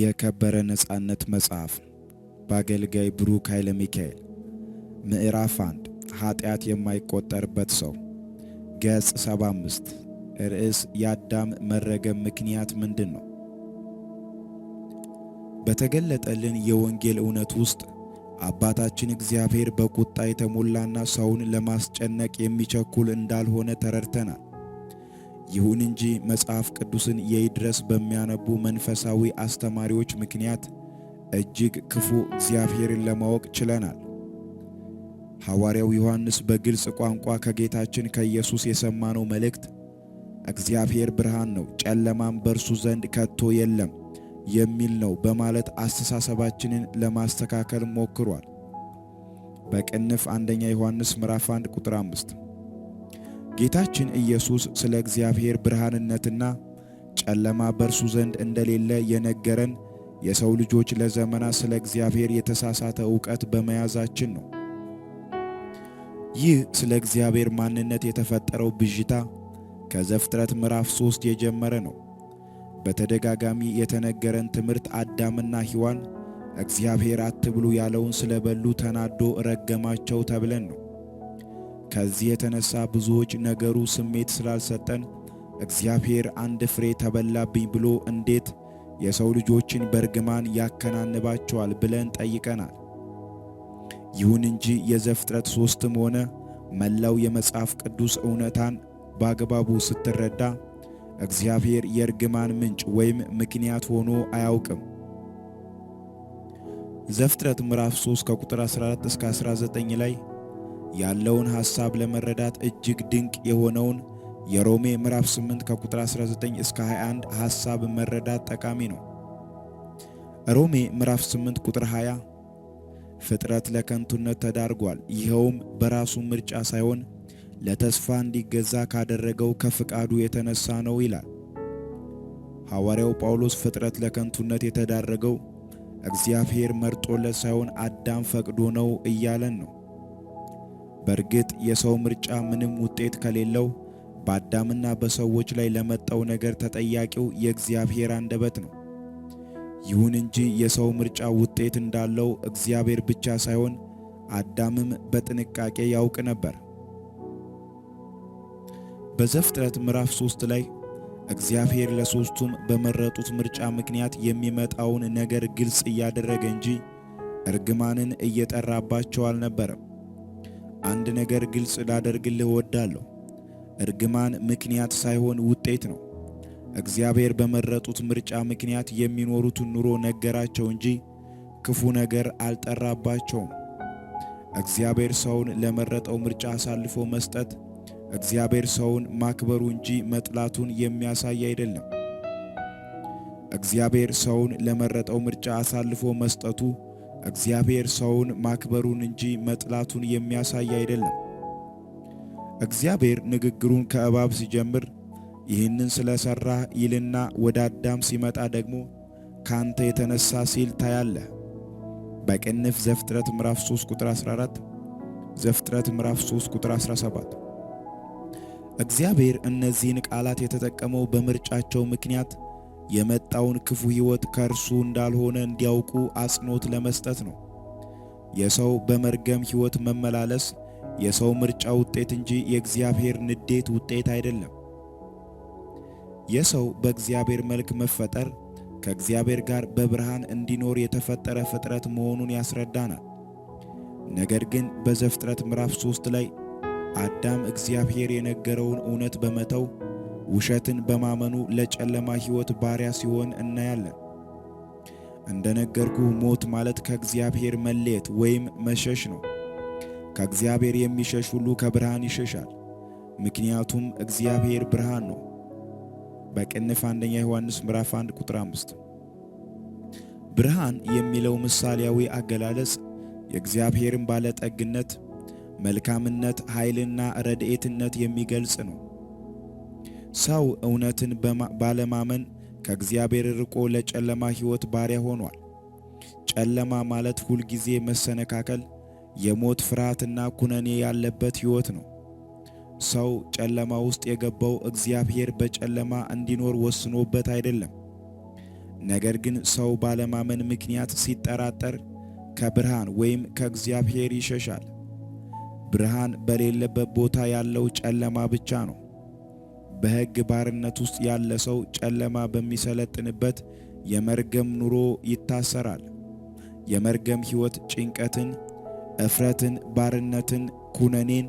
የከበረ ነፃነት መጽሐፍ በአገልጋይ ብሩክ ኃይለ ሚካኤል ምዕራፍ 1 ኃጢአት የማይቆጠርበት ሰው ገጽ 75 ርዕስ የአዳም መረገም ምክንያት ምንድን ነው? በተገለጠልን የወንጌል እውነት ውስጥ አባታችን እግዚአብሔር በቁጣ የተሞላና ሰውን ለማስጨነቅ የሚቸኩል እንዳልሆነ ተረድተናል። ይሁን እንጂ መጽሐፍ ቅዱስን የይድረስ በሚያነቡ መንፈሳዊ አስተማሪዎች ምክንያት እጅግ ክፉ እግዚአብሔርን ለማወቅ ችለናል። ሐዋርያው ዮሐንስ በግልጽ ቋንቋ ከጌታችን ከኢየሱስ የሰማነው መልእክት እግዚአብሔር ብርሃን ነው፣ ጨለማም በእርሱ ዘንድ ከቶ የለም የሚል ነው በማለት አስተሳሰባችንን ለማስተካከል ሞክሯል። በቅንፍ አንደኛ ዮሐንስ ምዕራፍ 1 ቁጥር 5 ጌታችን ኢየሱስ ስለ እግዚአብሔር ብርሃንነትና ጨለማ በእርሱ ዘንድ እንደሌለ የነገረን የሰው ልጆች ለዘመናት ስለ እግዚአብሔር የተሳሳተ እውቀት በመያዛችን ነው። ይህ ስለ እግዚአብሔር ማንነት የተፈጠረው ብዥታ ከዘፍጥረት ምዕራፍ ሶስት የጀመረ ነው። በተደጋጋሚ የተነገረን ትምህርት አዳምና ሔዋን እግዚአብሔር አትብሉ ያለውን ስለበሉ ተናዶ ረገማቸው ተብለን ነው። ከዚህ የተነሳ ብዙዎች ነገሩ ስሜት ስላልሰጠን እግዚአብሔር አንድ ፍሬ ተበላብኝ ብሎ እንዴት የሰው ልጆችን በርግማን ያከናንባቸዋል ብለን ጠይቀናል። ይሁን እንጂ የዘፍጥረት ሦስትም ሆነ መላው የመጽሐፍ ቅዱስ እውነታን በአግባቡ ስትረዳ እግዚአብሔር የእርግማን ምንጭ ወይም ምክንያት ሆኖ አያውቅም። ዘፍጥረት ምዕራፍ 3 ከቁጥር 14 እስከ 19 ላይ ያለውን ሐሳብ ለመረዳት እጅግ ድንቅ የሆነውን የሮሜ ምዕራፍ 8 ከቁጥር 19 እስከ 21 ሐሳብ መረዳት ጠቃሚ ነው። ሮሜ ምዕራፍ 8 ቁጥር 20 ፍጥረት ለከንቱነት ተዳርጓል፣ ይኸውም በራሱ ምርጫ ሳይሆን ለተስፋ እንዲገዛ ካደረገው ከፍቃዱ የተነሳ ነው ይላል። ሐዋርያው ጳውሎስ ፍጥረት ለከንቱነት የተዳረገው እግዚአብሔር መርጦለት ሳይሆን አዳም ፈቅዶ ነው እያለን ነው። በእርግጥ የሰው ምርጫ ምንም ውጤት ከሌለው በአዳምና በሰዎች ላይ ለመጣው ነገር ተጠያቂው የእግዚአብሔር አንደበት ነው። ይሁን እንጂ የሰው ምርጫ ውጤት እንዳለው እግዚአብሔር ብቻ ሳይሆን አዳምም በጥንቃቄ ያውቅ ነበር። በዘፍጥረት ምዕራፍ ሶስት ላይ እግዚአብሔር ለሶስቱም በመረጡት ምርጫ ምክንያት የሚመጣውን ነገር ግልጽ እያደረገ እንጂ እርግማንን እየጠራባቸው አልነበረም። አንድ ነገር ግልጽ ላደርግልህ እወዳለሁ። እርግማን ምክንያት ሳይሆን ውጤት ነው። እግዚአብሔር በመረጡት ምርጫ ምክንያት የሚኖሩትን ኑሮ ነገራቸው እንጂ ክፉ ነገር አልጠራባቸውም። እግዚአብሔር ሰውን ለመረጠው ምርጫ አሳልፎ መስጠት እግዚአብሔር ሰውን ማክበሩ እንጂ መጥላቱን የሚያሳይ አይደለም። እግዚአብሔር ሰውን ለመረጠው ምርጫ አሳልፎ መስጠቱ እግዚአብሔር ሰውን ማክበሩን እንጂ መጥላቱን የሚያሳይ አይደለም። እግዚአብሔር ንግግሩን ከእባብ ሲጀምር ይህንን ስለሰራ ይልና ወደ አዳም ሲመጣ ደግሞ ካንተ የተነሳ ሲል ታያለህ። በቅንፍ ዘፍጥረት ምዕራፍ 3 ቁጥር 14፣ ዘፍጥረት ምዕራፍ 3 ቁጥር 17። እግዚአብሔር እነዚህን ቃላት የተጠቀመው በምርጫቸው ምክንያት የመጣውን ክፉ ሕይወት ከእርሱ እንዳልሆነ እንዲያውቁ አጽንኦት ለመስጠት ነው። የሰው በመርገም ሕይወት መመላለስ የሰው ምርጫ ውጤት እንጂ የእግዚአብሔር ንዴት ውጤት አይደለም። የሰው በእግዚአብሔር መልክ መፈጠር ከእግዚአብሔር ጋር በብርሃን እንዲኖር የተፈጠረ ፍጥረት መሆኑን ያስረዳናል። ነገር ግን በዘፍጥረት ምዕራፍ 3 ላይ አዳም እግዚአብሔር የነገረውን እውነት በመተው ውሸትን በማመኑ ለጨለማ ሕይወት ባሪያ ሲሆን እናያለን። እንደነገርኩ ሞት ማለት ከእግዚአብሔር መለየት ወይም መሸሽ ነው። ከእግዚአብሔር የሚሸሽ ሁሉ ከብርሃን ይሸሻል፣ ምክንያቱም እግዚአብሔር ብርሃን ነው። በቅንፍ አንደኛ ዮሐንስ ምዕራፍ 1 ቁጥር 5። ብርሃን የሚለው ምሳሌያዊ አገላለጽ የእግዚአብሔርን ባለጠግነት፣ መልካምነት፣ ኃይልና ረድኤትነት የሚገልጽ ነው። ሰው እውነትን ባለማመን ከእግዚአብሔር ርቆ ለጨለማ ሕይወት ባሪያ ሆኗል። ጨለማ ማለት ሁልጊዜ መሰነካከል፣ የሞት ፍርሃትና ኩነኔ ያለበት ሕይወት ነው። ሰው ጨለማ ውስጥ የገባው እግዚአብሔር በጨለማ እንዲኖር ወስኖበት አይደለም። ነገር ግን ሰው ባለማመን ምክንያት ሲጠራጠር ከብርሃን ወይም ከእግዚአብሔር ይሸሻል። ብርሃን በሌለበት ቦታ ያለው ጨለማ ብቻ ነው። በሕግ ባርነት ውስጥ ያለ ሰው ጨለማ በሚሰለጥንበት የመርገም ኑሮ ይታሰራል። የመርገም ሕይወት ጭንቀትን፣ እፍረትን፣ ባርነትን፣ ኩነኔን፣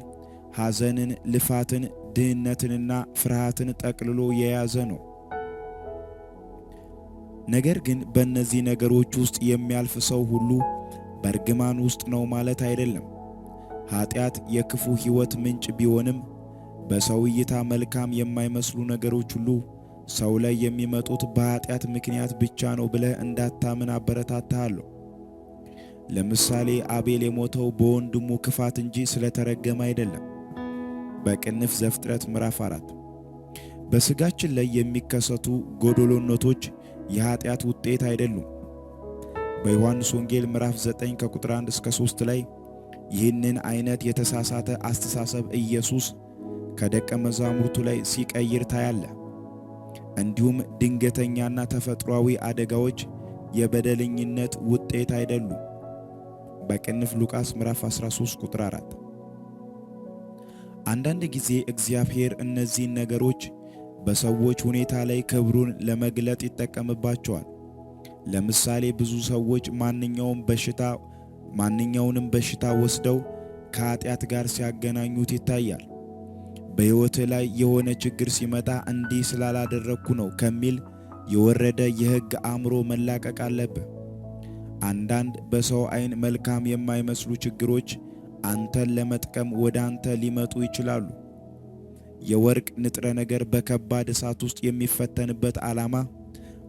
ሐዘንን፣ ልፋትን፣ ድህነትንና ፍርሃትን ጠቅልሎ የያዘ ነው። ነገር ግን በእነዚህ ነገሮች ውስጥ የሚያልፍ ሰው ሁሉ በርግማን ውስጥ ነው ማለት አይደለም። ኃጢአት የክፉ ሕይወት ምንጭ ቢሆንም በሰው እይታ መልካም የማይመስሉ ነገሮች ሁሉ ሰው ላይ የሚመጡት በኃጢአት ምክንያት ብቻ ነው ብለህ እንዳታምን አበረታታሃለሁ። ለምሳሌ አቤል የሞተው በወንድሙ ክፋት እንጂ ስለተረገመ አይደለም። በቅንፍ ዘፍጥረት ምዕራፍ አራት በስጋችን ላይ የሚከሰቱ ጎዶሎነቶች የኃጢአት ውጤት አይደሉም። በዮሐንስ ወንጌል ምዕራፍ 9 ከቁጥር 1 እስከ 3 ላይ ይህንን አይነት የተሳሳተ አስተሳሰብ ኢየሱስ ከደቀ መዛሙርቱ ላይ ሲቀይር ታያለ። እንዲሁም ድንገተኛና ተፈጥሯዊ አደጋዎች የበደለኝነት ውጤት አይደሉም። በቅንፍ ሉቃስ ምዕራፍ 13 ቁጥር 4። አንዳንድ ጊዜ እግዚአብሔር እነዚህን ነገሮች በሰዎች ሁኔታ ላይ ክብሩን ለመግለጥ ይጠቀምባቸዋል። ለምሳሌ ብዙ ሰዎች ማንኛውም በሽታ ማንኛውንም በሽታ ወስደው ከኃጢአት ጋር ሲያገናኙት ይታያል። በሕይወት ላይ የሆነ ችግር ሲመጣ እንዲህ ስላላደረግኩ ነው ከሚል የወረደ የሕግ አእምሮ መላቀቅ አለብህ። አንዳንድ በሰው ዓይን መልካም የማይመስሉ ችግሮች አንተን ለመጥቀም ወደ አንተ ሊመጡ ይችላሉ። የወርቅ ንጥረ ነገር በከባድ እሳት ውስጥ የሚፈተንበት ዓላማ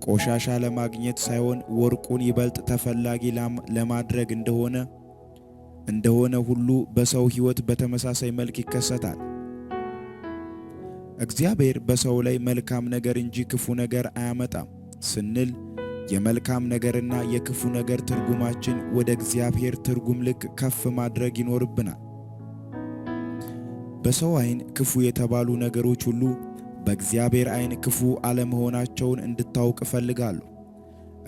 ቆሻሻ ለማግኘት ሳይሆን ወርቁን ይበልጥ ተፈላጊ ለማድረግ እንደሆነ እንደሆነ ሁሉ በሰው ሕይወት በተመሳሳይ መልክ ይከሰታል። እግዚአብሔር በሰው ላይ መልካም ነገር እንጂ ክፉ ነገር አያመጣም ስንል የመልካም ነገርና የክፉ ነገር ትርጉማችን ወደ እግዚአብሔር ትርጉም ልክ ከፍ ማድረግ ይኖርብናል። በሰው ዓይን ክፉ የተባሉ ነገሮች ሁሉ በእግዚአብሔር ዓይን ክፉ አለመሆናቸውን እንድታውቅ እፈልጋለሁ።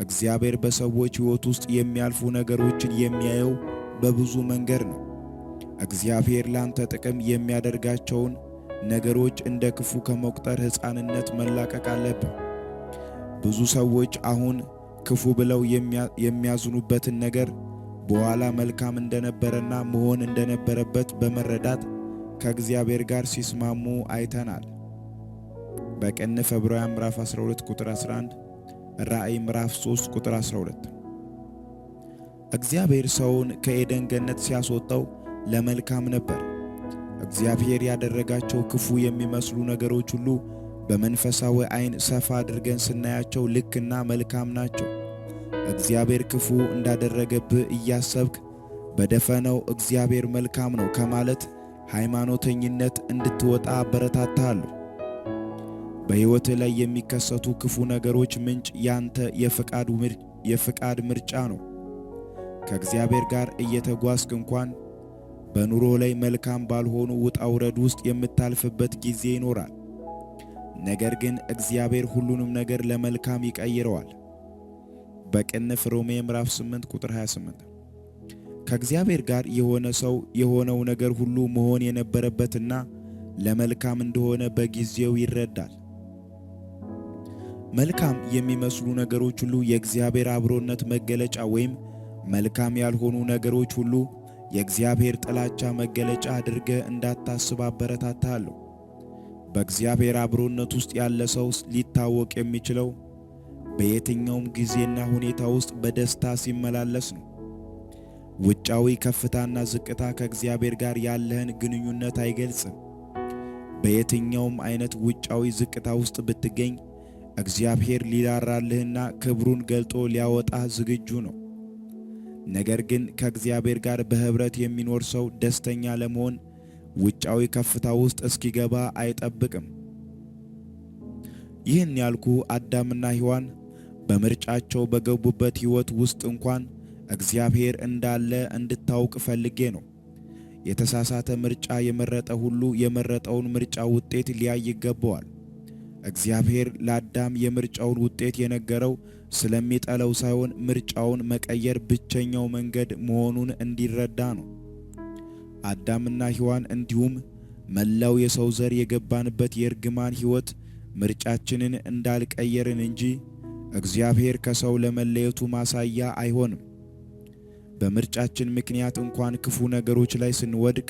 እግዚአብሔር በሰዎች ሕይወት ውስጥ የሚያልፉ ነገሮችን የሚያየው በብዙ መንገድ ነው። እግዚአብሔር ላንተ ጥቅም የሚያደርጋቸውን ነገሮች እንደ ክፉ ከመቁጠር ሕፃንነት መላቀቅ አለብን። ብዙ ሰዎች አሁን ክፉ ብለው የሚያዝኑበትን ነገር በኋላ መልካም እንደነበረና መሆን እንደነበረበት በመረዳት ከእግዚአብሔር ጋር ሲስማሙ አይተናል። በቀን ዕብራውያን ምዕራፍ 12 ቁጥር 11፣ ራእይ ምዕራፍ 3 ቁጥር 12። እግዚአብሔር ሰውን ከኤደን ገነት ሲያስወጣው ለመልካም ነበር። እግዚአብሔር ያደረጋቸው ክፉ የሚመስሉ ነገሮች ሁሉ በመንፈሳዊ ዓይን ሰፋ አድርገን ስናያቸው ልክና መልካም ናቸው። እግዚአብሔር ክፉ እንዳደረገብህ እያሰብክ በደፈነው እግዚአብሔር መልካም ነው ከማለት ሃይማኖተኝነት እንድትወጣ አበረታታለሁ። በህይወት ላይ የሚከሰቱ ክፉ ነገሮች ምንጭ ያንተ የፈቃድ ምርጫ ነው። ከእግዚአብሔር ጋር እየተጓዝክ እንኳን በኑሮ ላይ መልካም ባልሆኑ ውጣ ውረድ ውስጥ የምታልፍበት ጊዜ ይኖራል። ነገር ግን እግዚአብሔር ሁሉንም ነገር ለመልካም ይቀይረዋል። በቅንፍ ሮሜ ምዕራፍ 8 ቁጥር 28። ከእግዚአብሔር ጋር የሆነ ሰው የሆነው ነገር ሁሉ መሆን የነበረበትና ለመልካም እንደሆነ በጊዜው ይረዳል። መልካም የሚመስሉ ነገሮች ሁሉ የእግዚአብሔር አብሮነት መገለጫ ወይም መልካም ያልሆኑ ነገሮች ሁሉ የእግዚአብሔር ጥላቻ መገለጫ አድርገ እንዳታስብ አበረታታለሁ። በእግዚአብሔር አብሮነት ውስጥ ያለ ሰው ሊታወቅ የሚችለው በየትኛውም ጊዜና ሁኔታ ውስጥ በደስታ ሲመላለስ ነው። ውጫዊ ከፍታና ዝቅታ ከእግዚአብሔር ጋር ያለህን ግንኙነት አይገልጽም። በየትኛውም አይነት ውጫዊ ዝቅታ ውስጥ ብትገኝ እግዚአብሔር ሊራራልህና ክብሩን ገልጦ ሊያወጣህ ዝግጁ ነው። ነገር ግን ከእግዚአብሔር ጋር በህብረት የሚኖር ሰው ደስተኛ ለመሆን ውጫዊ ከፍታ ውስጥ እስኪገባ አይጠብቅም። ይህን ያልኩ አዳምና ሔዋን በምርጫቸው በገቡበት ሕይወት ውስጥ እንኳን እግዚአብሔር እንዳለ እንድታውቅ ፈልጌ ነው። የተሳሳተ ምርጫ የመረጠ ሁሉ የመረጠውን ምርጫ ውጤት ሊያይ ይገባዋል። እግዚአብሔር ለአዳም የምርጫውን ውጤት የነገረው ስለሚጠለው ሳይሆን ምርጫውን መቀየር ብቸኛው መንገድ መሆኑን እንዲረዳ ነው። አዳምና ሔዋን እንዲሁም መላው የሰው ዘር የገባንበት የእርግማን ሕይወት ምርጫችንን እንዳልቀየርን እንጂ እግዚአብሔር ከሰው ለመለየቱ ማሳያ አይሆንም። በምርጫችን ምክንያት እንኳን ክፉ ነገሮች ላይ ስንወድቅ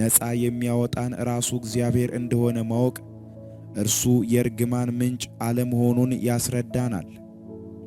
ነፃ የሚያወጣን ራሱ እግዚአብሔር እንደሆነ ማወቅ እርሱ የእርግማን ምንጭ አለመሆኑን ያስረዳናል።